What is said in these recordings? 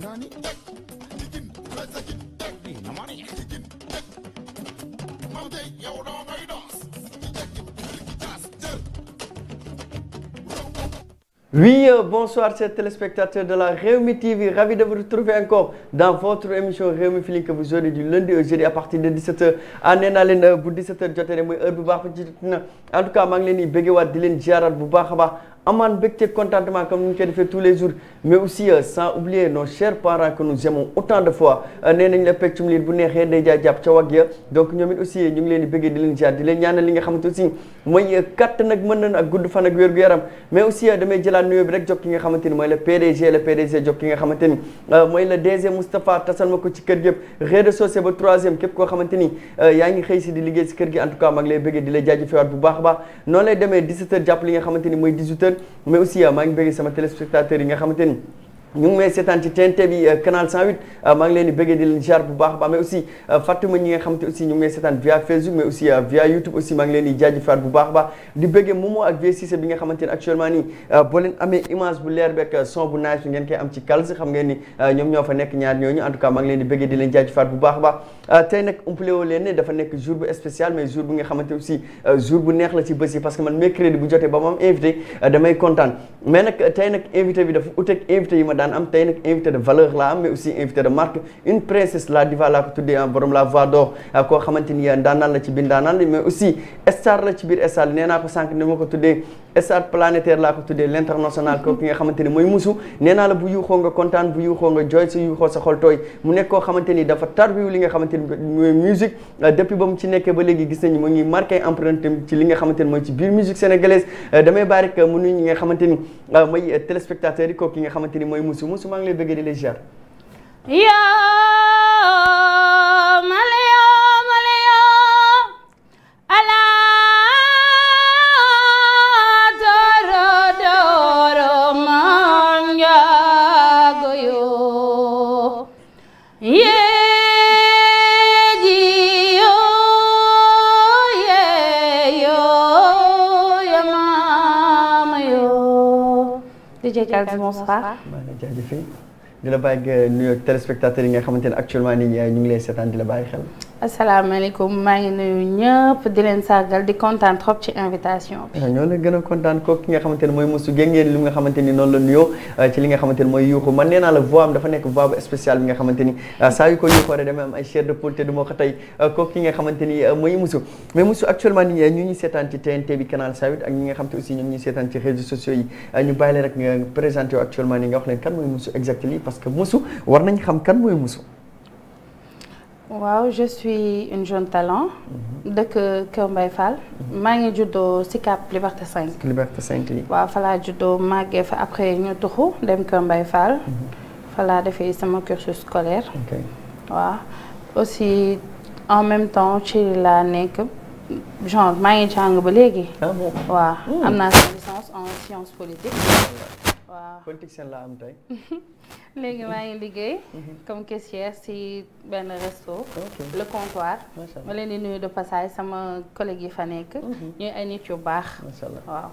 nani digin rasagin deg ni namani digin deg mam day yow doo koy doos Oui, euh, bonsoir chers téléspectateurs de la Réumi TV, ravi de vous retrouver encore dans votre émission Réumi Feeling que vous aurez du lundi au jeudi à partir de 17h ah nee naa leen euh, bu 17h jotee mooy heure bu baax ba ci na en tout cas maa ngi leen di béggewaat di leen ziaraat bu baax a baax amaan mbégte contentement comme ni ñu koy defee tous les jours mais aussi euh, sans oublier nos chers parents que nous aimons autant de fois euh, nee nañ la peccum liir bu neexee day jaay jàpp ca wag ya donc ñoom it aussi ñu ngi leen di bëggee di leen jaar di nga xamante mooy euh, kattan ak mën nan ak nga xamante mooy le PDG le tasal ma ko ci kër yëpp réseaux ba troisième képp koo xamante yaa ngi xëy si di liggéey si kër gi en tout a baax noonu lay demee 17 heures jàpp li nga xamante ni mais aussi maa ngi bëgg sama téléspectateurs yi nga xamante ni ñu ngi may seetaan ci TNT bi euh, canal 108 euh, leen bëggee di leen jaar bu baax a baax mais aussi euh, fàttuma ñi nga xam te aussi ñu ngi may seetaan via Facebook mais a baax di nga leen bëggee di leen jaajëfaat bu baax a tey nag umpale leen dafa nekk jour bu spécial mais jour bu neex la ci bés parce que man mercredi bu jotee ba ma am invité damay kontaan mais nag tey nag invité bi dafa utek invité yi ma daan am tey nag invité de valeur la am mais aussi invité de marque une princesse la diva laa ko tuddee ah borom la voix d'or ah, koo xamante ni ah, daanaan la ci biir daanaan mais aussi star la ci biir star nee ko sànq ni ma ko tuddee stade planétaire laa ko tuddee l' international ko ki nga xamante ni mooy musu nee la bu yuuxoo nga kontaan bu yuuxoo nga jooy su yuuxoo sa xol tooy mu nekk koo xamante ni dafa tarbiwu li nga xamante ni mooy musique euh, depuis ba mu ci nekkee ba léegi gis nañu ci li nga xamante ni mooy ci biir musique sénégalaise euh, damay bàyyi mu nuyu ñi nga xamante ni euh, mooy téléspectateurs yi ko nga xamante mooy musu musu maa lay bëggee di lay ziar. DJ Kals bonsoir. maa ngi jaajëfee di la bàyyi nga nuyoog téléspectateurs yi nga xamante ne actuellement nii ñu ngi lay seetaan di la bàyyi xel. asalaamaaleykum maa ngi nuyu ñëpp di leen sargal di kontaan trop ci invitation bi. Eh, ñoo la gën a kontaan kooku ki nga xamante ne mooy Moussou Gueye li nga xamante ni noonu la nuyoo eh, ci li nga xamante ni mooy yuuxu man nekk voix nga xamante ni eh, saa yu ko yuuxoo rek dama xamante ni mooy Moussou mais Moussou actuellement nii ñu ngi seetaan ci TNT bi canal Sahut ak ñi nga xam te aussi ñoom ñuy seetaan ci réseaux sociaux yi ñu bàyyi leen rek nga présenté actuellement nii nga wax leen kan mooy Moussou exactement parce que Moussou war nañ xam kan mooy Moussou waaw je suis une jeune talent. Mhm. dëkk Kër Mbaye Fall. Mhm. maa ngi juddoo Sicap Liberté 5. Liberté 5 yi. waaw fa laa juddoo màggee fa après ñu tuxu dem Kër Mbaye Fall. Mhm. fa laa defee sama cursus scolaire. ok aussi en même temps ci laa nekk genre maa ngi jàng ba léegi. ah bon hmm. am naa sa licence en sciences politiques. waaw politicien laa am tey. léegi maa ngi liggéey. Mhm. comme caissière si benn resto. le comptoir. ma leen di nuyu de passage sama collègue yi fa nekk. Mhm. ñuy ay nit yu baax. waaw.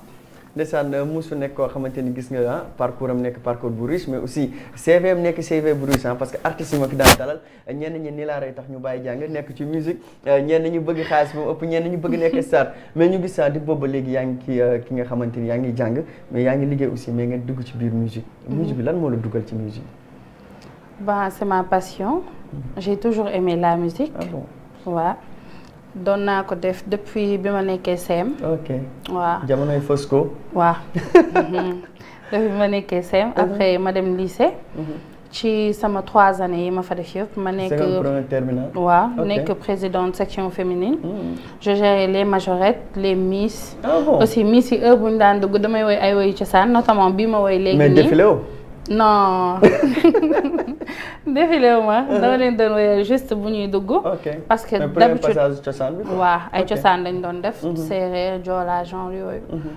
ndeysaan euh, Moussa nekk koo xamante ni gis nga ah parcours am nekk parcours bu riche mais aussi CV am nekk CV bu riche ah, parce que artistes ma fi daan dalal ñenn ñi nii laa tax ñu bàyyi jàng nekk ci musique euh, ñenn ñu bëgg xaalis moom ëpp ñenn ñu bëgg nekk star mais ñu gis saa ah, di boobu ba léegi yaa ngi ki euh, nga xamante yaa ngi jàng mais yaa ngi liggéey aussi mais nga dugg ci biir musique mm-hmm. musique lan moo la dugal ci musique bah c'est ma passion mm-hmm. j'ai toujours aimé la doon naa ko def depuis bi ma nekkee CM. ok waaw jamonoy Fosco. waaw depuis bi ma nekkee CM. Mhm. après ma dem lycée. Mhm. ci sama trois années yi ma fa def yëpp ma nekk. terminal waaw nekk président section féminine. Mhm. je gérais les majorettes les miss. Ah aussi miss yi heure bu ñu daan dugg damay woy ay woyu cosaan notamment bi ma woy léegi nii mais non défilé wu ma dama leen doon woyal juste bu ñuy dugg. parce que d'habitude waaw ay cosaan lañ doon def. Mhm. séeréer joola genre yooyu. Mhm.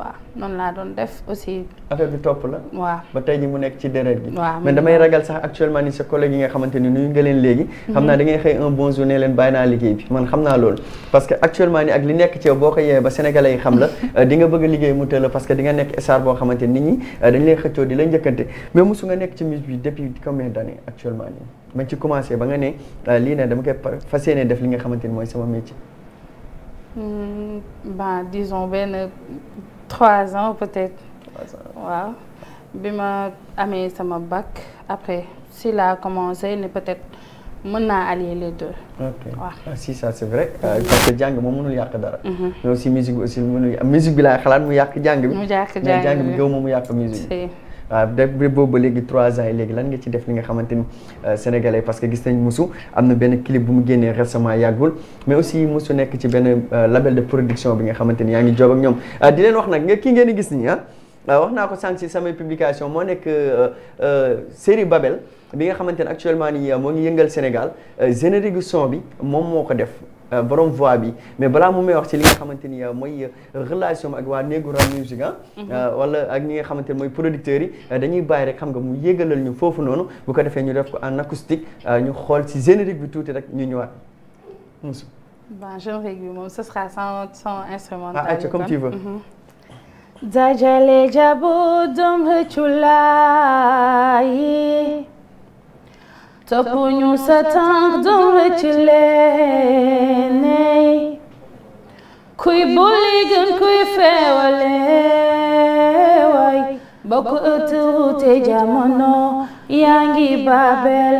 waaw noonu laa doon def aussi. affaire bi topp la. waaw ba tey mu nekk ci deret gi. waaw damay ragal sax actuellement ni sa collègue yi nga xamante ni nuyu nga leen léegi. Mhm. xam naa da xëy un bon jour ne leen bàyyi naa liggéey bi man xam naa loolu. parce que actuellement ni ak li nekk ci boo ko yeewee ba sénégalais yi xam la euh, di nga bëgg liggéey mu tëla parce que di nga nekk estar boo xamante nit ñi euh, dañ xëccoo di la njëkkante mais mosu nga nekk ci mise trois ans peut-être. waaw bi ma amee sama bac après si la commencé ne peut-être mën naa allier les deux. ok waaw ah, si ça c'est vrai euh, parce jàng moom mënul yàq dara. Mhm. mais aussi musique bi aussi mënul musique bi laay xalaat mu yàq jàng bi. mu yàq jàng bi mais mu yàq musique bi. waaw euh, depuis boobu ba léegi trois ans yi léegi lan nga ci def li nga xamante ni euh, sénégalais parce que gis nañ Moussou am na benn clip bu mu génnee récemment yàggul mais aussi musu nekk ci benn euh, label de production bi nga xamante ni yaa ngi job ak ñoom di leen wax nag nga kii ngeen di gis nii ah wax naa ko sànq si samay publication moo nekk série Babel bi nga xamante ne actuellement nii moo ngi yëngal Sénégal générique son bi moom moo ko def Euh, borom voix bi mais balaa mu may wax ci li nga xamante ni euh, mooy euh, relation ak waa néegu rap musique ah. mhm. wala ak ñi nga xamante ni mooy producteurs yi dañuy bàyyi rek xam nga mu yégalal ñu foofu noonu bu ko defee ñu def ko en acoustique ñu xool ci générique bi tuuti rek ñu ñëwaat. bon générique bi moom ce sera sans sans instrumental. ah comme tu veux. Mhm. dajale toppuñu sa tànk doon rëcc leeney kuy bulli gën kuy feewale waay bokk ëtt wuute jamono yaa ngi Babel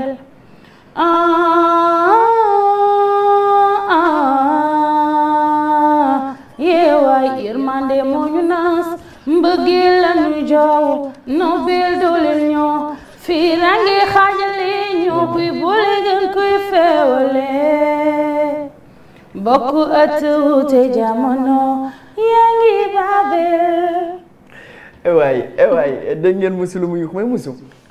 yeewaay yërmande moo ñu naas mbëggeel la ñu jow nobel dooleel ñoo fii rangi xaajal ñoo kuy boole bokk at wuute jamono yaa ngi ewaay ewaay dégg musu lu mu yuux may musu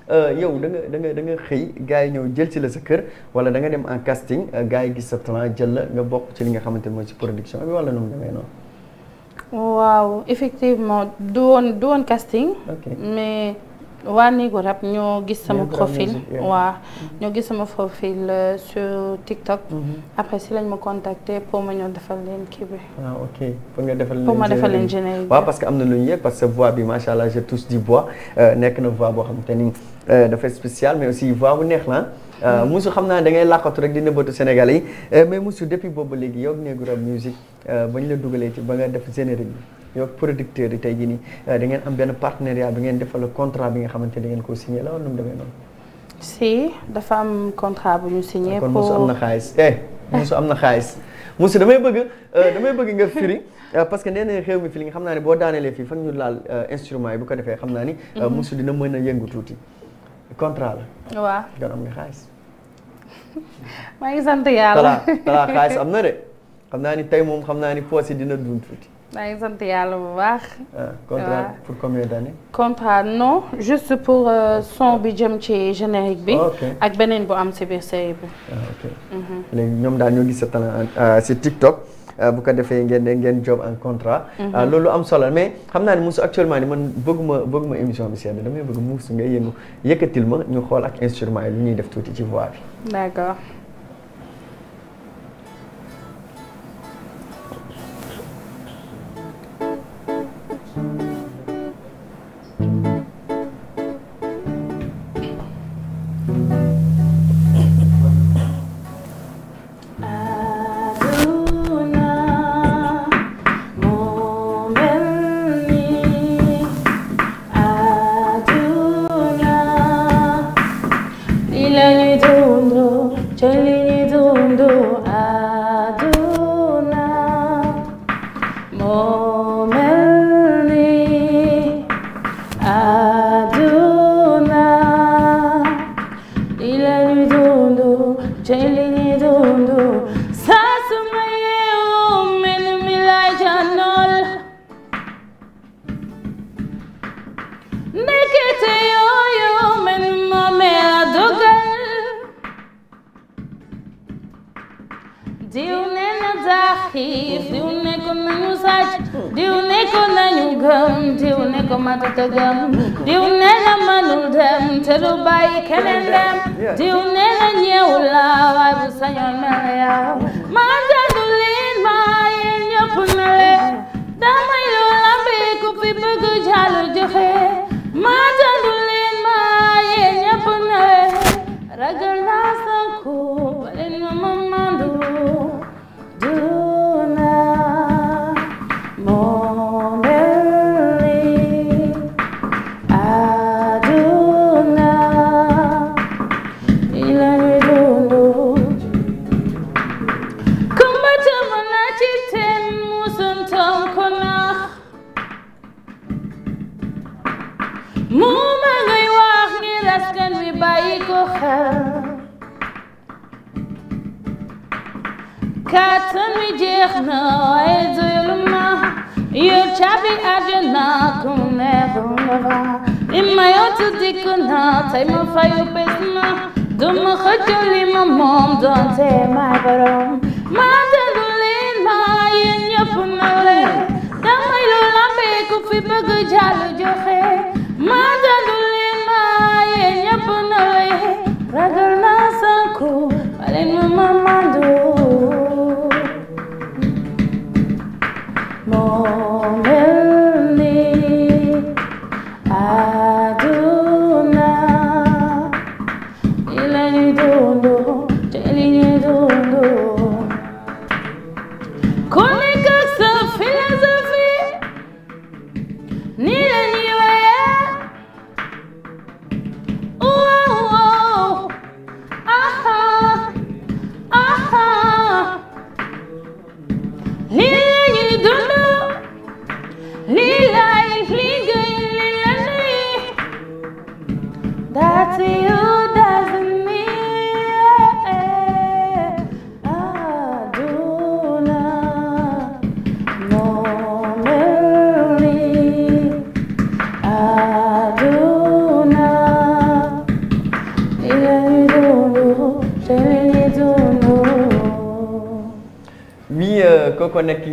euh, yow da nga da nga da nga xëy gars yi ñëw jël ci la sa kër wala da nga dem en casting euh, gars yi gis sa talent jël la nga bokk ci li nga xamante mooy ci production bi wala nu mu demee noonu waaw effectivement du woon casting mais waa Néegu Rap ñoo gis sama profil waa mm-hmm. ñoo gis sama profil euh, sur TikTok. Mm-hmm. après si lañ ma contacter pour ma ñëw defal leen kii bi. ah ok pour nga defal leen pour ma defal leen générique waaw parce que am na lu ñu yëg parce que voix bi macha allah je touche du euh, nekk na voix boo xam te ni euh, dafa spécial mais aussi voix bu neex la mm-hmm. Moussou xam naa da ngay làqatu rek di nëbbatu Sénégal yi mais Moussou depuis boobu léegi yow Néegu Rap musique ba ñu la dugalee ci ba nga def générique bi. yow producteurs yi tey jii nii euh, da ngeen am benn partenariat bi ngeen defal contrat bi nga xamante ne da ngeen ko signé la wala nu mu demee noonu. si dafa am contrat bu ñu signé. pour ah, kon Moussa am na xaalis eh Moussa am na xaalis Moussa damay bëgg euh, damay bëgg nga firi. Euh, parce que nee na réew mi fii nga xam naa ne boo daanelee fii fan ñu laal instrument yi bu ko defee xam naa ni. Mhm. Moussa dina mën a yëngu tuuti contrat la. waaw kon am nga xaalis. maa ngi sant yàlla talaa talaa xaalis am naa ni tey moom xam naa ni poos yi dina dund tuuti. maa ngi sant yàlla bu baax. Eh, contrat pour combien d'années. contrat non juste pou eh, son bi jëm ci générique bi. ak beneen bo am si biir série bi. Ah, ok mhm. léegi ñoom daal ñoo gis sa talent ah, si TikTok. Ah, bu ko defee ngeen ngeen job en contrat. Mhm. loolu am solo mais xam naa ne Moussa actuellement ni man bëgguma bëgguma émission bi sedd damay bëgg Moussa ngay yëngu yëkkatil ma ñu xool ak instrument yi lu ñuy def tuuti ci voix bi. d'accord. gëm diw ne ko matata gëm diw ne du liin maa yéen ñëpp na le damay lu lambi ku fi bëgg jàll joxe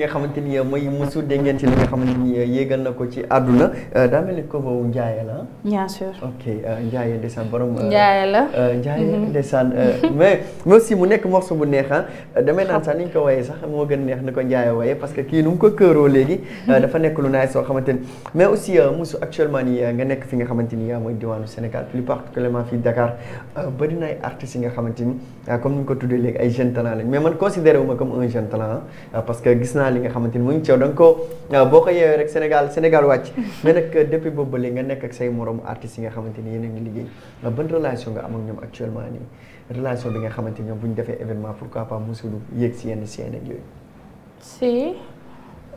nga xamante muy musu dégg ngeen ci li euh, la bien sûr ok euh, Ndiaye ndeysaan euh, mhm. mais mu nekk morceau bu neex ah damay naan sax ni ñu ko wayee sax moo gën neex ni ko Ndiaye wayee parce que kii nu mu ko këeroo léegi mhm. dafa nekk lu naay soo xamante ni mais aussi musu actuellement nii nga nekk fi nga xamante ni mooy diwaanu nga xamante ni ni ñu ko mais man considéré comme un jeune parce que gis naa li nga xamante ni mu ngi coow da nga ko boo ko yeewee rek Sénégal Sénégal wàcc mais nag euh, depuis boobu ba nga nekk ak say moromu artistes yi nga xamante ni yéen a ngi liggéey euh, ban relation nga am ak ñoom actuellement nii relation bi nga xamante ñoom bu ñu defee événement pourquoi pas musulu yéeg si yenn si yenn ak yooyu si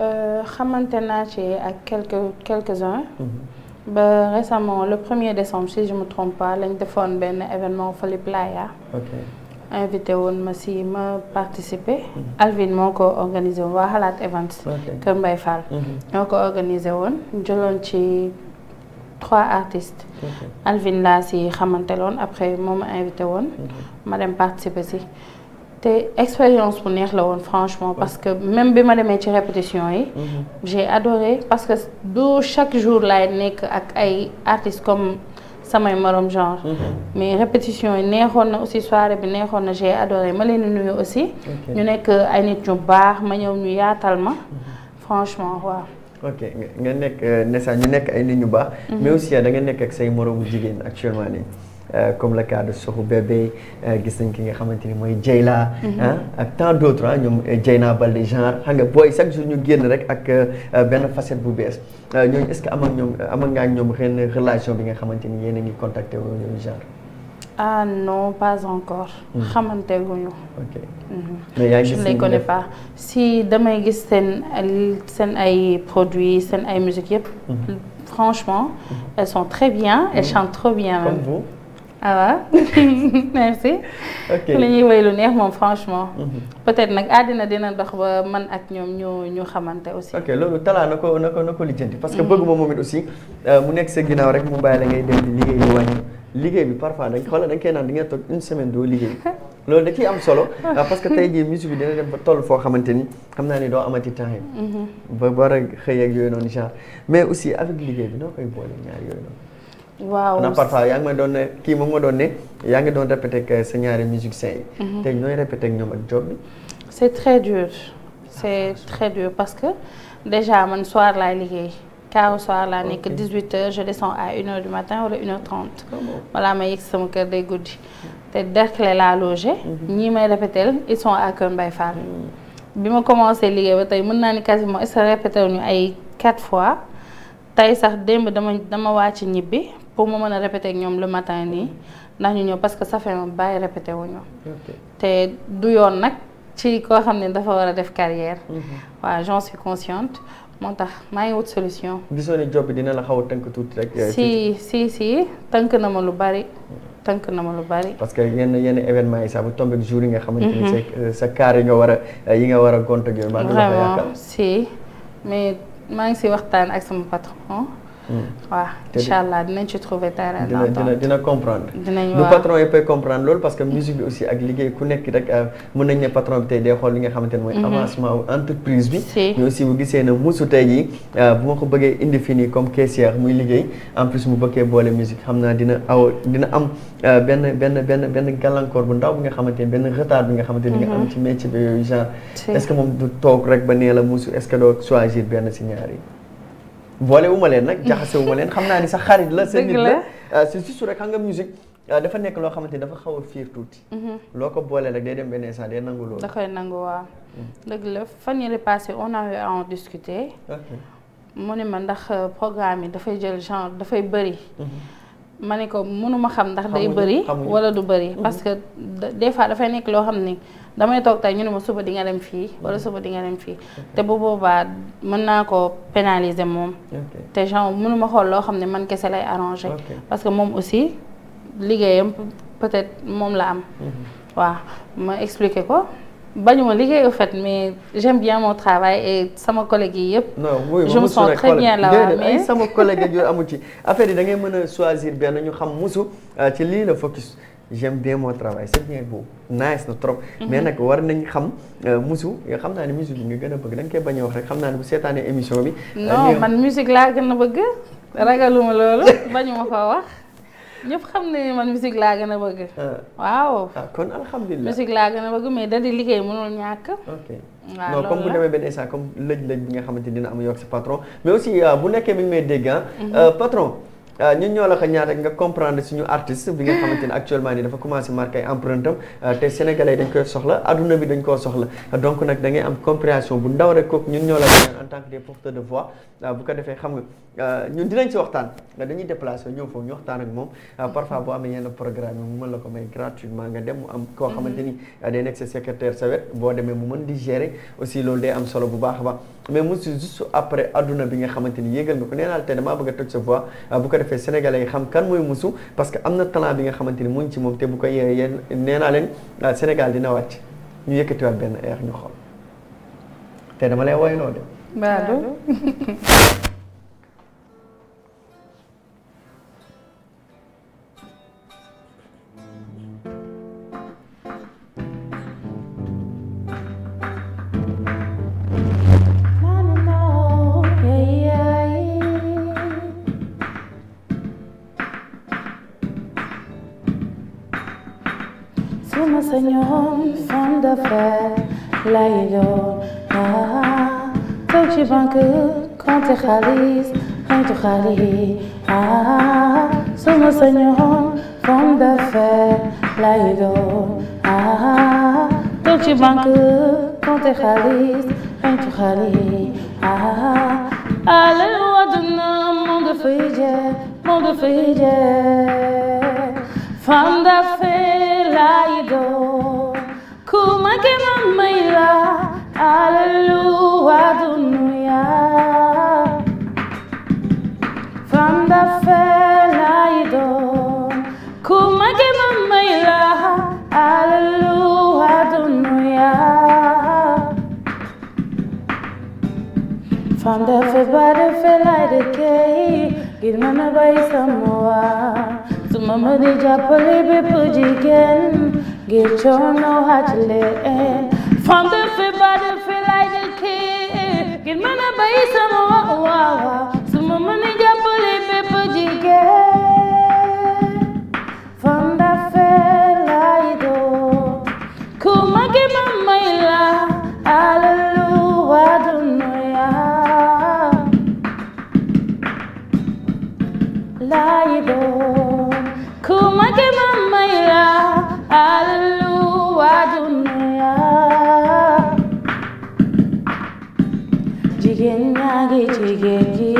euh, xamante naa ci ak quelques quelques-uns mm-hmm. ba récemment le premier décembre si je me trompe lañ defoon benn événement fële Playa ok invité woon ma si ma participer Alvin moo ko organisé woon waa xalaat event Kër Mbaye Fall mhm. ñoo ko organisé woon jëloon ci trois artistes Alvin laa si xamante loon après moo ma invité woon ma dem participer si te expérience bu neex la woon franchement parce que même bi ma demee ci répétition yi mhm. j'ai adoré parce que du chaque jour laay nekk ak ay artistes comme samay morom genre. Mhm. mais répétition yi neexoon na aussi soirée bi neexoon na j'ai adoré ma leen nuyu aussi. ñu nekk ay nit ñu baax ma ñëw ñu yaatal ma. Mhm. franchement waaw. ok nga nekk euh, Nessa ñu nekk ay nit ñu baax. Mhm. mais aussi da nga nekk ak say moromu jigéen actuellement nii. Euh, comme le cas de Soxu Bébé euh, gis nañ ki nga xamante ni mooy Jeyla mhm. ah, ak tant d' autres ah ñoom euh, Jeyna Balde genre xam nga booy chaque jour ñu génn rek ak benn facette bu bees ñooñu est ce que am ak ñoom am ak ngaa ñoom xëy relation bi nga xamante ni yéen a ngi contacté wu ñooñu genre. ah non pas encore. Mhm. xamante guñu. ok mhm. mais yaa ngi je ne les connais pas si damay gis seen seen ay produits seen ay musique yëpp. franchement elles sont très bien elles chantent trop bien. comme vous. ah waaw merci. ok li ñuy lu neex moom franchement. Mhm. peut-être nag àddina dina dox ba man ak ñoom ñu ñu xamante aussi. ok loolu talaa na ko na ko na ko parce que mhm. bëgg moom it aussi euh, mu nekk sa ginnaaw liggéey di wàññi liggéey bi parfois dañ xoolal dañ koy naan di nga toog une semaine doo liggéey. loolu da ciy am solo ah, parce que tey jii musique dina dem ba toll foo xamante ni xam naa ni doo amati temps yi. Mhm. ba war a xëy ak yooyu noonu genre mais aussi avec liggéey bi noo koy boole ñaar yooyu noonu. waaw ndax parfois yaa ngi kii moom ma doon ne yaa ngi doon répété ak sa ñaari musiciens yi. Mhm. tey ñooy répété ñoom ak job bi. c' est très dur c' est ah. dur parce que déjà man soir laay liggéey. car au soir laa nekk 18h je descends à 1h du matin wala 1h30. Ah voilà ma yegg sama kër day guddi. te Derklé laa logé. Mhm. ñii may répété ils sont à Kër Mbaye Fall. Mm. bi ma commencé liggéey ba tey mën naa ni quasiment est-ce que répété ñu ay 4 fois tey sax démb dama dama waa wàcc ñibbi. pour mu mën a répéter ak ñoom le matin nii ndax ñu ñëw parce que ça fait un bail répété wu te du yoon nag ci koo xam ne dafa war a def carrière mhm. waaw j'en suis consciente moo tax maa ngi wut solution gisoo ne job dina la xaw a tënk tuuti rek eh, si si si tënk na ma lu bari tënk na ma lu bari. parce que yenn yenn événement yi sax bu tombé jour yi nga xamante ni mhm. euh, sa kaar yi nga war a euh, yi nga war a gont ak yooyu. vraiment si mais maa ngi si waxtaan ak sama Mm. waaw incha allah dinañ ci trouver terrain d'entente dina dina comprendre. dinañ waaw patron yi peut comprendre loolu parce que musique bi aussi ak liggéey ku nekk rek euh, mën nañ ne patron bi tey day xool li nga xamante ne mooy. Mhm. avancement entreprise bi. mais aussi gisee ne musu tey jii euh, bu ma ko bëggee indi fii nii comme caissière muy liggéey en plus mu bëggee boole musique xam naa dina aw dina am euh, benn benn benn benn gàllankoor bu ndaw bi nga xamante ne benn retard bi nga xamante ni nga am mhm. ci métier bi toog rek ba nee la musu est-ce que doo benn si yi. boole wu ma leen nag jaxase wu ma leen xam naa ni sax xarit la seen nit la euh, c'est juste rek xam nga musique euh, dafa nekk loo xamante dafa xaw a fiir tuuti mhm. loo ko boole rek day dem benn instant day nangu loolu da koy nangu waaw mm. dëgg la fan yële passé on a eu à en discuter ma ndax euh, programme yi dafay jël genre dafay bëri mhm. ma ne ko mënuma xam ndax day bëri wala du bëri mhm. parce que des fois dafay nekk loo xam ni damay toog tey ñu ne ma suba di nga dem fii wala suba di nga dem fii te bu boobaa mën naa ko pénaliser moom te genre mënu ma xool loo xam ne man kese lay arranger parce que moom aussi liggéeyam peut-être moom la am mhm. waaw ma expliquer ko bañuma liggéey au fait mais j'aime bien mon travail et sama collègue yi yëpp. non je me sens très bien là mais sama collègue yooyu amu ci affaire yi da ngay mën a choisir benn ñu xam musu euh, ci lii la focus. j'aime bien mon travail c'est bien beau nice na trop. mais nag war nañ xam musu yoo xam naa ni musique bi nga gën a bëgg da nga koy bañ wax rek xam naa ne bu seetaanee émission bi. non man musique laa gën a bëgg ragaluma loolu bañuma ko wax. ñëpp xam ne man musique laa gën a bëgg. waaw kon alhamdulilah musique laa gën a bëgg mais da di liggéey mënul ñàkk. ok non comme bu demee benn bi nga xamante dina am yokk si patron mais aussi bu nekkee mi ngi may dégg patron. Euh, ñun ñoo a ko ñaar rek nga comprendre suñu artiste bi nga xamante ne actuellement nii dafa commencé marqué ay empreinte te euh, te sénégalais dañ koy soxla adduna bi dañ koo soxla donc nag da ngay am compréhension bu ndaw rek kooku ñun ñoo la ko en tant que des porteurs de voix euh, bu ko defee xam nga ñun dinañ ci waxtaan dañuy déplacé ñëw foofu ñu waxtaan ak moom parfois boo amee yenn programme yi mu mën la ko may gratuitement nga dem mu am koo xamante ni mm-hmm. day nekk sa secrétaire boo demee mu mën di gérer aussi loolu day am solo bu baax a baax mais mu si juste après adduna bi nga xamante ni yéegal nga ko nee naa tey damaa bëgg a toj sa voix ah, bu ko defee sénégalais yi xam kan mooy musu parce que am na talent bi nga xamante ni mu ngi te bu ko yee yéen nee naa leen ah, Sénégal dina wàcc ñu yëkkatiwaat benn air xool te dama la woyloo de. Badou. sa ñoom fond de fer lay doon ah toog ci banque compte xaalis xaytu xaalis ah suma sa ñoom fond de fer lay doon ah toog ci banque compte xaalis xaytu xaalis ah alal àddina moo nga fay jeex moo nga fay jeex fond de kaido kumake mama ila hallelujah dunia from the felaido kumake mama ila hallelujah dunia from the felaido felaido kei gidmana bai samoa suma ma di jàppale bépp jigéen ngir coono xajle fam de fi ba de fi lay de kii ngir mën sama waa waa suma ma di jàppale bépp jigéen fam de fi ku ma gi ma may la waa dunuya lay jigéen ñaa ngi jigéen ji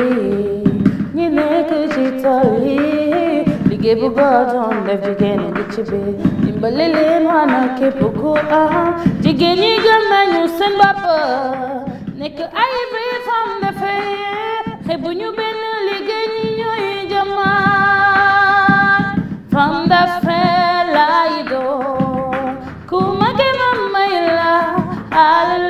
ñi nekk ci tool yi bu góor def jigéen ngi ci biir dimbali leen wana képp ku am jigéen ñi gëm nañu seen bopp nekk ay biir femme de fer xebu ñu benn liggéey ñi ñooy jëmaat femme de fer Hallelujah.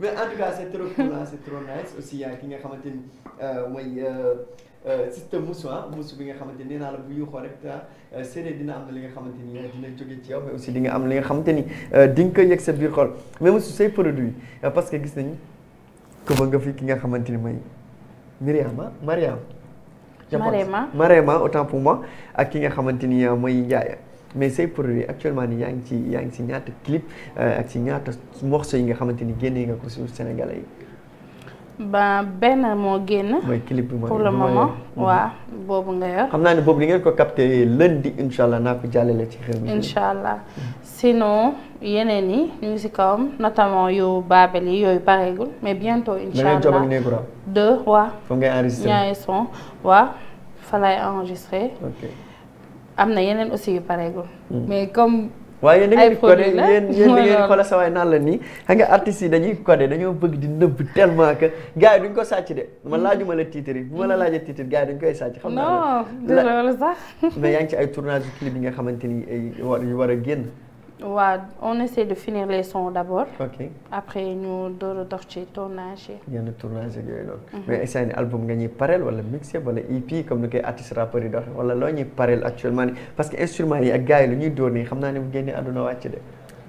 mais en tout cas c' est trop cool c' est trop nice aussi ki nga xamante ni euh, mooy euh, euh, système mousse ah mousse bi nga xamante nee naa la bu ñu rek séeréer dina am li nga xamante ni dina jóge ci yow mais aussi di nga am li nga xamante ni di nga koy yegg sa biir xol mais mousse say produit parce que gis nañu ko ba nga fii ki nga xamante ni mooy Mariama Mariama Marema Marema autant pour moi ak ki nga xamante ni mooy Ndiaye. mais say produit actuellement nii yaa ngi ci yaa ngi ci ñaata clip euh, ak ci ñaata morceau yi nga xamante ni génnee nga ko sur Sénégalais yi. ba benn moo génn. mooy clip bi pour le moment waaw boobu nga yor. xam naa ne boobu di ngeen ko capté lundi incha allah naa ko ci xel mi. allah mm-hmm. sinon yeneen yi ñu ngi si kawam notamment yu Babel yi yooyu pareegul mais bientôt. incha allah da ngay job ak deux waaw. am na yeneen aussi yu pareegul. Hmm. mais comme. waaye da ngeen di codé yéen sa waay naan la nii xam nga artistes yi dañuy codé dañoo bëgg di nëbb tellement que gars yi duñ ko sàcc de man hmm. laajuma la titre yi bu ma la laajee hmm. titre gars yi dañ koy sàcc xam naa sax mais yaa ngi ay tournage clip yi nga xamante ni yu war a génn waaw on essaie de finir les sons d'abord. ok après ñu door a dox ci tournage yi. yenn tournage ak yooyu noonu. Mhm. mais instant ni album nga ñuy pareel wala mixé wala EP comme ni koy artiste rappeur yi doxee wala loo ñuy pareel actuellement nii parce que instrument yi ak gars lu ñuy door nii xam naa ne bu génnee àdduna wàcc de.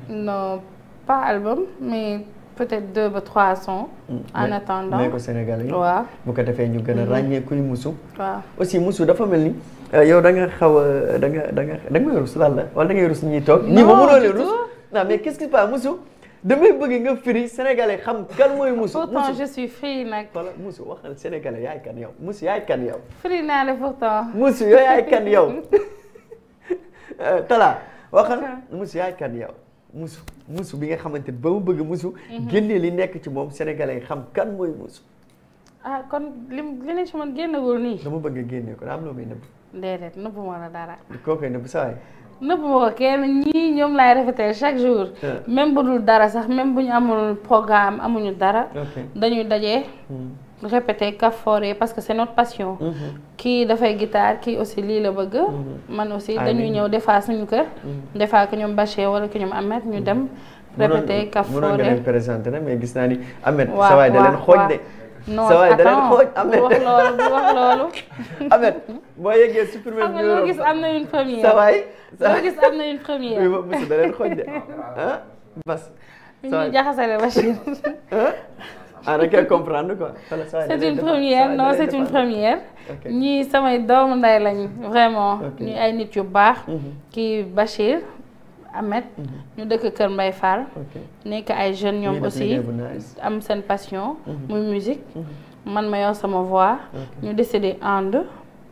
non pas album mais. peut-être deux ba trois sons. Mm, en attendant mais ko Sénégal yi. waaw bu ko defee ñu gën a mhm. ràññee kuy musu. waaw aussi musu dafa ni. yow da nga xaw a da nga da nga da nga may rus lan la wala da ngay rus ñuy toog. ñii ma mënoo leen rus non mais qu'est-ce qui passe Moussou damay bëgg nga firi sénégalais xam kan mooy Moussou. pourtant je suis free nag. voilà Moussou waxal sénégalais yaay kan yow Moussou yaay kan yow. free naa la pourtant. Moussou yow yaay kan yow Talla waxal Moussou yaay kan yow. Moussou Moussou bi nga xamante ni ba mu bëgg Moussou. génne li nekk ci moom sénégalais yi xam kan mooy Moussou. ah kon lim li ne ci man génnagul nii. dama bëgg génne ko daa am loo may nëbb. déedéet nëbbu ma la dara. kooku nëbbu saa yi. nëbbu ma ko kenn ñii ñoom laay répété chaque jour. Ah. même bu dul dara sax même bu ñu amul programme amuñu dara. dañuy daje. Hmm. répété kafoore parce que c'est notre passion. Hmm. kii dafay guitare kii aussi lii la bëgg. Hmm. man aussi dañuy ñëw des fois suñu kër. defaa ko que ñoom Bachir wala que ñoom Ahmed ñu dem. répété kafoore mënoon nga leen gis naa ni. Ahmed sa waay non attends bu wax loolu bu wax loolu. Ameth boo yeggee supprimer bi loo gis am na une sa waay loo gis am na une première. oui moom la da leen xooj de ah Bas. sa waay ñu jaxasale Bachir. ah da ngay comprendre quoi. c'est une première non c'est une première. ñii samay doomu nday lañ vraiment. ñu ay nit yu baax. kii Bachir Ahmed. ñu dëkk Kër Mbay Fall. nekk ay jeunes ñoom aussi am seen passion. Mhm. muy musique mhm. man ma yor sama voix. ñu décider ànd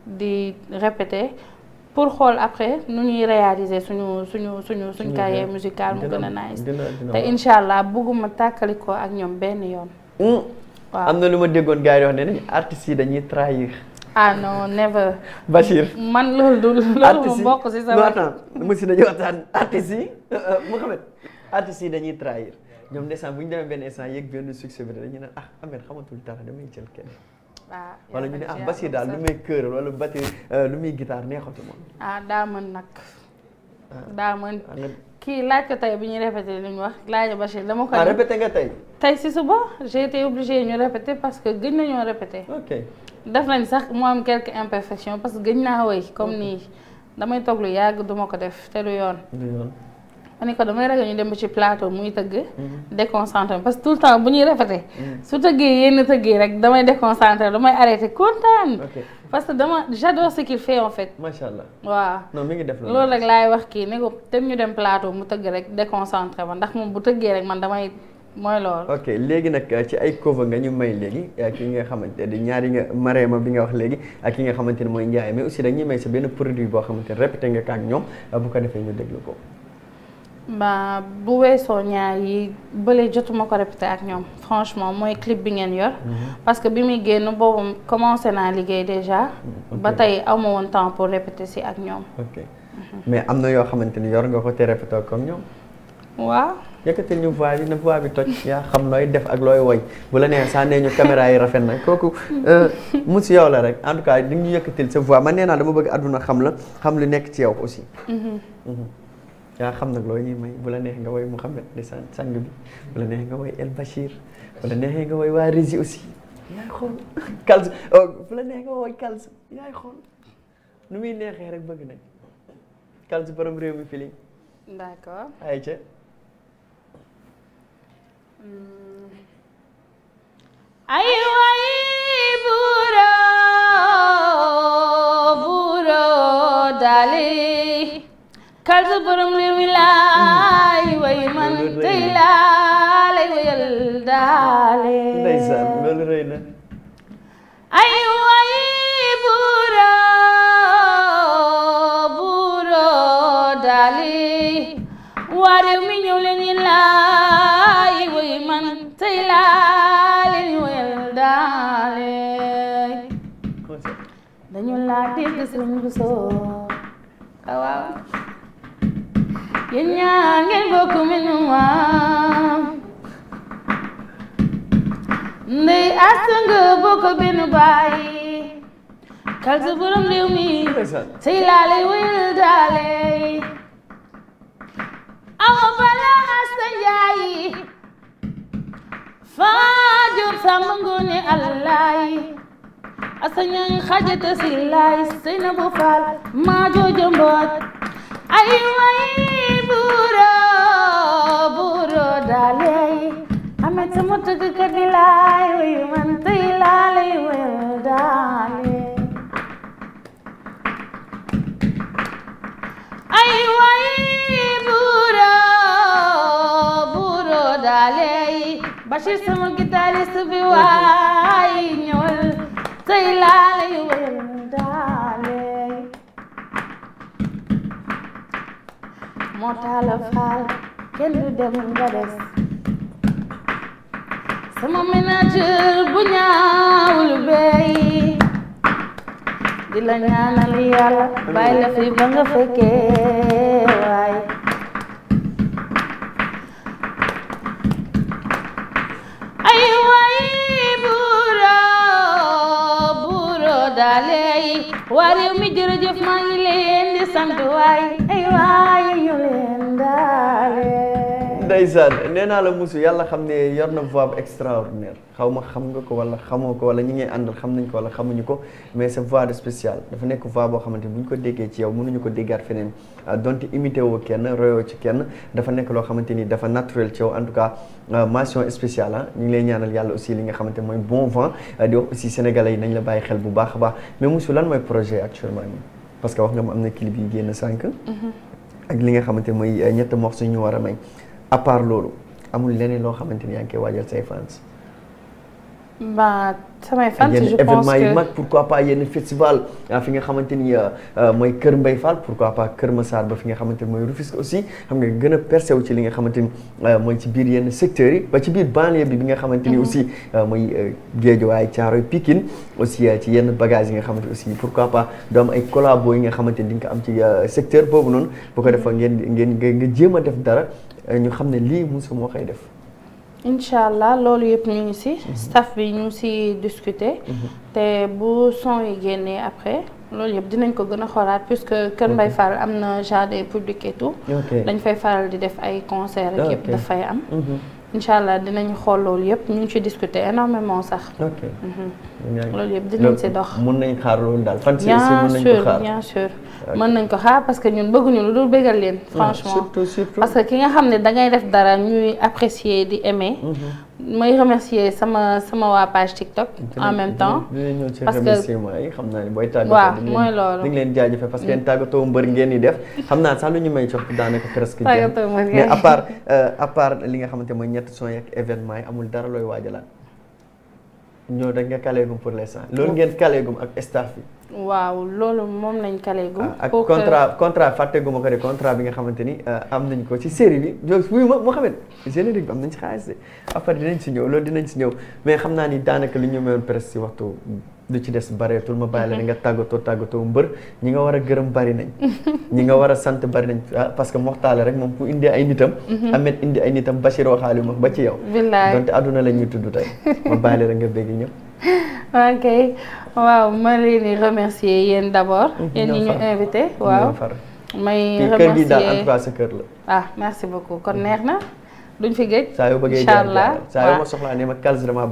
di répéter pour xool après nu ñuy réaliser suñu suñu suñu suñu carrière musicale mu gën a nice te incha allah bëgguma tàkkali ko ak ñoom benn yoon. Mm. waaw am na lu ma déggoon gars yi ne nañ artistes yi dañuy trahir. ah non never. Bachir man loolu du loolu mu bokk si sama. artiste yi non non si dañuy waxtaan artiste yi euh, euh, Mouhamed artiste yi dañuy trahir ñoom ndeysaan bu ñu demee benn instant yëg benn succès bi dañuy naan ah Ameth xamatul dara damay jël kenn. ah wala ñu ne ah Bachir daal lu muy kër wala Bachir euh, lu muy guitare neexatu ma. ah daa nag. daa mën ah, kii laaj ko tey bi ñu répété li ñu wax laaj Bachir dama ko. ah répété nga tey. tey si suba j'ai été obligé ñu répété parce que gëj nañoo répété. ok def nañ sax mu am quelques imperfections parce que gëj naa way comme nii damay toog lu yàgg duma ko def te du yoon. du yoon ne ko damay ragal ñu dem ci plateau muy tëgg. Mhm. déconcentré parce que tout le temps bu ñuy répété. Mhm. su tëggee yenn tëggee rek damay déconcentré damay arrêté kontaan. parce que dama j'adore ce qu'il fait en fait. macha allah waaw. non mi ngi def loolu rek laay wax kii ne te tem ñu dem plateau mu tëgg rek déconcentré ma ndax moom bu tëggee rek man damay mooy loolu. ok léegi nag euh, ci ay cover nga ñu may léegi yi euh, nga xamante ne ñaari nga Marème bi nga wax léegi ak ki nga xamante ne mooy Ndiaye mais aussi dañuy may sa benn produit boo xamante ne répété nga ko ak ñoom euh, bu ko defee ñu déglu ko. ba bu weesoo ñaar yi bële jotuma ko répété ak ñoom franchement mooy clip bi ngeen yor. Mhm. parce que bi muy génn boobu commencé naa liggéey déjà. Mhm, ba tey amu woon temps pour répéter si ak ñoom. Mhm. mais am na yoo xamante ni yor nga ko te répété ko ñoom. waa yëkkatil ñu voix bi na voix bi toj yaa xam nooy def ak looy woy bu la nee sa nee ñu caméra yi rafet na kooku euh, mu si yow la rek en tout cas ñu yëkkatil sa voix man nee naa dama bëgg àdduna xam la xam lu nekk ci yow aussi. yaa xam nag loo ñuy may bu la nga woy Mouhamed di sa sang bi nga woy El Bachir bu la neexee nga woy waa Rési aussi yaay xool Kalz oh, bu la neex nga woy yaay xool nu muy neexee rek bëgg nañ Kalz borom réew mi fili hmm. ay way buro buro dali kaltu borom réew mi laay man tey laa lay wayal daale ay way buuro buuro daali waa mi ñëw leen yi laay man tey laa leen wayal daale dañu laa dégg sëriñ bu soo waaw yéen ñaar ngeen bokk minu maam ndey Asta nga bokk benn baay kalsu borom réew mi tey laa lay wéyal daale awa bala Asta Njaay faa jur sàmm ngoone allaay Asta Ñaŋ xajata si laay Seynabu Faal maa joojo mboot ay way buuro buuro daale ay ame sama tëggkat di laay wayu man tey laale wayu daale ay way buuro buuro daale ay bashir sama guitariste bi waay ñëwal tey laay moo taala faal kenn du dem nga des sama manager bu ñaawul bey di la ñaanal yàlla bàyyi la fi ba fekkee waay ay waay buuro buuro daaleey waa réew mi di sant waay ay waay ñu ndeysaan nee la musu yàlla xam ne yor na voix extraordinaire xaw xam nga ko wala xamoo ko wala ñi ngay àndal xam nañ ko wala xamuñu ko mais sa voix de spécial dafa nekk voix boo xamante ni ko déggee ci yow mënuñu ko déggaat feneen ah, kenn royoo ci kenn dafa nekk loo xamante ni dafa naturel ci yow en tout cas ah, mention spéciale ah. ñu ngi lay ñaanal yàlla aussi li nga xamante mooy bon vent di wax aussi sénégalais yi nañ la bàyyi xel bu baax a baax mais musu lan mooy projet actuellement nii parce que wax nga ma am na clip yi génn sànq mm-hmm. ak li nga xamante mooy eh, war a à part loolu amul leneen loo xamante ni yaa ngi koy waajal say fans. ba samay fans je pense que yu mag pourquoi pas yenn festival ah, fi nga xamante ni euh, euh, mooy Kër Mbay Fall pourquoi pas Kër Massar ba fi nga xamante ni mooy Rufisque aussi xam nga gën a percé wu ci li nga xamante ni euh, mooy ci biir yenn secteurs yi ba ci biir banlieue bi bi nga xamante ni mhm. aussi mooy Guédiawaye Thiaroye Pikine aussi ci yenn bagages yi nga xamante aussi pourquoi pas doo am ay collabo yi nga xamante ni di nga ko am ci secteur boobu noonu bu ko defee ngeen ngeen nga jéem a def dara Euh, ñu xam ne lii monsieur moo koy def. incha allah loolu yëpp ñu ngi si mhm. staf bi ñu si ci mhm. te bu son yi génnee après loolu yëpp dinañ ko gën a xoolaat que Kër mbay Fall am na jardin public et dañ fay faral di def ay concerts ak yëpp dafay am. Mhm. incha allah dinañ xool loolu yëpp ñu ngi ci discuter énormément sax. Mhm. loolu yëpp dinañ si dox. mun nañ xaar loolu daal fan si mën bien sûr mën nañ ko xaar parce que ñun bëgguñu lu dul bëggal leen. Ah, franchement surtout parce que ki nga xam ne da ngay def dara ñuy apprécier di aimer. Mhm. may remercier sama sama waa page TikTok. en même temps parce que eh, xam naa ne booy tàggatoo. waaw mooy loolu di leen jaajëfee parce que yéen mm. tàggatoo mbër ngeen di def. xam naa sax lu ñu may jox daanaka presque. tàggatoo mbër ngeen mais euh, li nga xamante mooy ñett son yeeg événement yi amul dara looy la ñoo da nga kaleegum pour l'instant loolu ngeen kaleegum ak staff yi. waaw loolu moom lañ kaleegum. Ah, ak contrat contrat fàtteeguma ko de contrat bi nga xamante ni euh, am nañ ko ci série bi wuyu ma moo xamante générique bi am nañ si xaalis de après dinañ si ñëw loolu dinañ si ñëw mais xam naa ni daanaka li ñu mayoon presque si waxtu lu ci des bareetul ma bàyyi la ni nga tàggatoo tàggatoo mbër ñi nga war a gërëm bari nañ ñi nga war a sant bari nañ ah, parce que moxtaale rek moom ku indi ay nitam mhm. amet indi ay nitam Bachir waxaali ma ba ci yow donte adduna la ñuy tudd tey ma bàyyi la rek ok waaw ma leen di remercier yéen d' abord. Mhm, yéen ñu invité waaw. may remercier kër la. ah merci beaucoup kon mhm. neex na. duñ fi géej saa yoo bëggee jaar saa yoo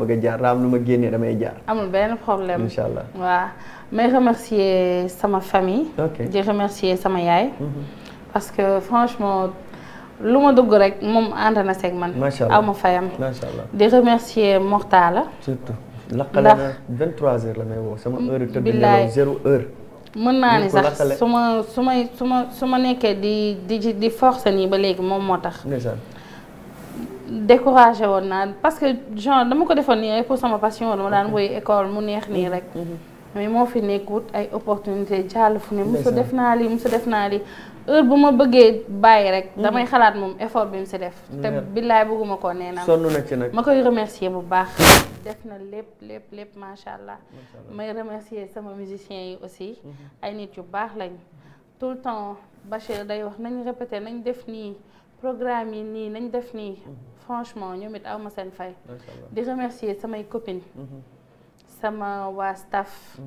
bëgg a lu ma génnee damay jaar. amul benn problème incha allah waaw. may remercier sama famille. ok di remercier sama yaay. Mhm. parce que franchement lu ma dugg rek moom ànd na seeg man. macha allah aw ma fayam. macha di remercier Mortala. surtout. laqale na 23 heures la may woo sama heure tëdd nelaw zéro heure mën naa ne sax su ma su may su ma su ma nekkee di di di force nii ba léegi moom moo tax découragé woon naa parce que genre dama ko defoon nii rek pour sama passion dama daan woy école mu neex nii mm-hmm. rek mm-hmm. mais moo fi nekk wut ay opportunité jàll fu ne musu def naa lii sa def naa lii heure bu ma bëggee bàyyi rek. Mhm. damay xalaat moom effort bi mu si def. te billaay bëgguma ko nee na ci nag ma koy remercier bu baax. def na lépp lépp lépp macha allah. may remercier sama musiciens yi aussi. Mhm. ay nit yu baax lañ tout le temps Bachir day wax nañ répété nañ def nii programme yi nii nañ def nii. Mhm. franchement ñoom it aw ma seen fay. di remercier samay copines. sama waa staff.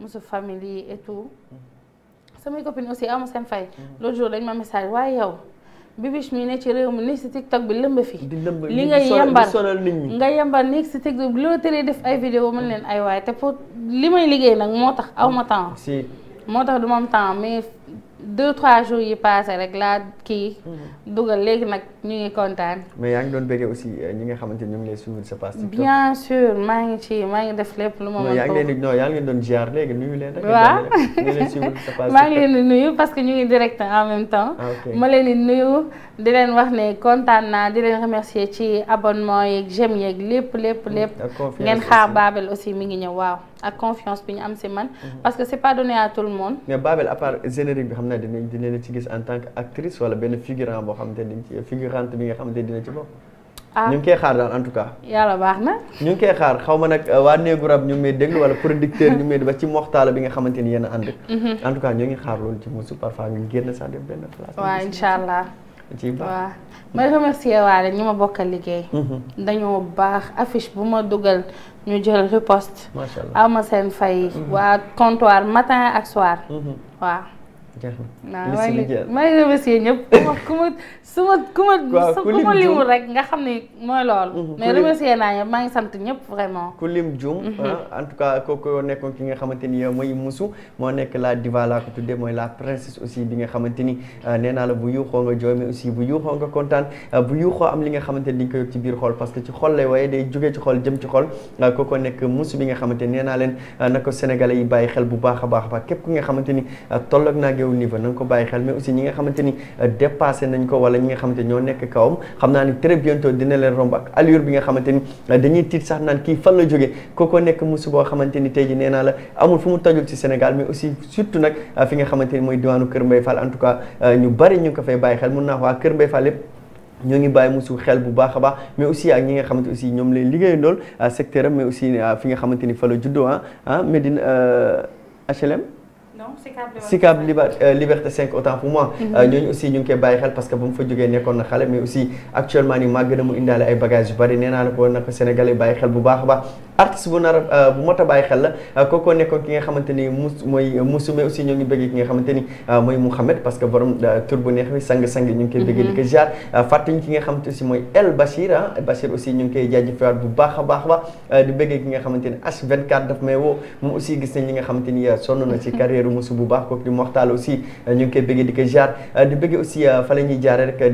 musu famille et samay copines aussi amu seen fay. l'autre jour dañ ma message waaye yow Bibiche mi ne ci réew mi si TikTok bi lëmb fi. li nga yembar nga yembar nekk si TikTok bi loo tëree def ay vidéo mën leen ay waaye te pour li may liggéey nag moo tax aw ma temps. moo tax du ma am temps mais. deux trois jours yi passé rek laa kii. Mm-hmm. dugal léegi nag ñu ngi kontaan. mais yaa ngi doon bëggee aussi euh, ñi nga xamante ni ñu ngi lay suivre sa page TikTok. bien sûr maa ngi ci maa ngi def lépp lu ma mën. yaa ngi leen di non yaa ngi leen doon ziar léegi nuyu leen rek. waaw ñu ngi suivre sa page maa ngi leen di nuyu parce que ñu ngi direct en même temps. Ah, ma leen di nuyu di leen wax ne kontaan naa di leen remercier ci abonnement yeeg j'aime yeeg lépp lépp mm, lépp. ngeen xaar Babel aussi mi ngi ñëw waaw. ak confiance bi ñu am si man. Mhm. parce que c' est pas donné à tout le monde. mais Babel à part générique bi xam naa dinañ dinañ ci gis en tant que actrice wala benn figurant boo xamante ne ci bi nga xamante ne dina ci bopp. ah ñu ngi koy xaar daal en tout cas. yàlla baax na. ñu ngi koy xaar xaw ma nag euh, waa néegu rab ñu may déglu wala producteur ñu may ba ci moxtaala bi nga xamante ni yéen a ànd. Mhm. en tout cas ñu ngi xaar loolu ci mosu parfois ñu génn sax ñu jël riposte. macha allah fay. Mhm. waa comptoir matin ak soir. Mhm. waaw. waaw waaye may remercier ñëpp ku ma su ma ku ma ku ma limul rek nga xam ni mooy loolu mhm, mais remercier naa ñëpp maa ngi sant ñëpp vraiment ku lim jum mhm. ah, en tout cas kooku nekkoon ki nga xamante ni euh, mooy musu moo nekk la diva laa ko tuddee mooy la princesse aussi bi nga xamante ni euh, nee naa la bu yuuxoo nga jooy mais aussi bu yuuxoo nga kontaan euh, bu yuuxoo am li nga xamante ni nga ko ci biir xol parce que ci xool la waaye day jógee ci xool jëm ci xol kooku nekk musu bi nga xamante nee naa leen na ko sénégalais yi bàyyi xel bu baax a baax a au niveau na nga ko bàyyi xel mais aussi ñi nga xamante ni euh, dépassé nañ ko wala ñi nga xamante ñoo nekk kawam xam naa ni très bientôt dina leen romb ak allure bi nga xamante ni euh, dañuy tiit sax naan kii fan la jógee kooko nekk musu boo xamante ni tey ji nee naa la amul fu mu tojul ci Sénégal mais aussi surtout nag euh, fi nga xamante ni mooy diwaanu Kër Mbaye Fall en tout cas ñu bari ñu ngi ko fay bàyyi xel mun naa waa Kër Mbaye Fall lépp ñoo ngi bàyyi musu xel bu baax a baax mais aussi ak ñi nga xamante aussi ñoom lay liggéeyandool secteur am mais aussi fi nga xamante ni fa la juddoo ah, ah, Sicap Liberté 5 euh, autant pour moi mhm. euh, ñooñu aussi ñu ngi koy bàyyi xel parce que ba mu fa jógee nekkoon na xale mais aussi actuellement ni màgg na mu indaale ay bagages yu bari nee ko nag sénégalais bàyyi xel bu baax a artiste bu nar a euh, bu mot a bàyyi xel la euh, kookoo nekkoon ki nga xamante ni mus mooy euh, musu mais aussi ñoo ngi bëggee ki nga xamante mooy Mouhamed parce que borom tur bu neex bi sang-sang mhm. mooy El Bachir ah aussi ñu ngi koy jaajëfewaat bu baax a baax ba di bëggee ki nga xamante H24 may woo moom aussi gis nañ li nga xamante sonn na ci mhm. carrière musu bu baax kooku di moxtaal aussi ñu ngi koy bëggee di ko jaar di bëggee aussi fa la ñuy jaare rek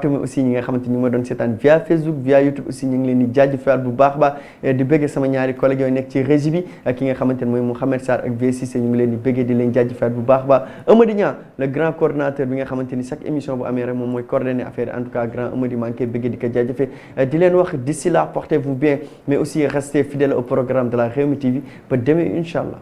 di xamante ni ma doon seetaan via Facebook via YouTube aussi ñu ngi leen di jaajëfal bu baax baax eh, eh, ni mooy Mouhamed Sarr ak eh, leen di bëggee di leen jaajëfal bu baax baax Amady Niang le grand coordonnateur bi nga xamante ni chaque émission bu amee rek moom mooy coordonné affaire en tout cas grand Amady maa ngi bëggee di ko jaajëfee di leen wax d'ici là portez-vous bien mais aussi restez fidèles au programme de la Rewmi TV ba demain inchallah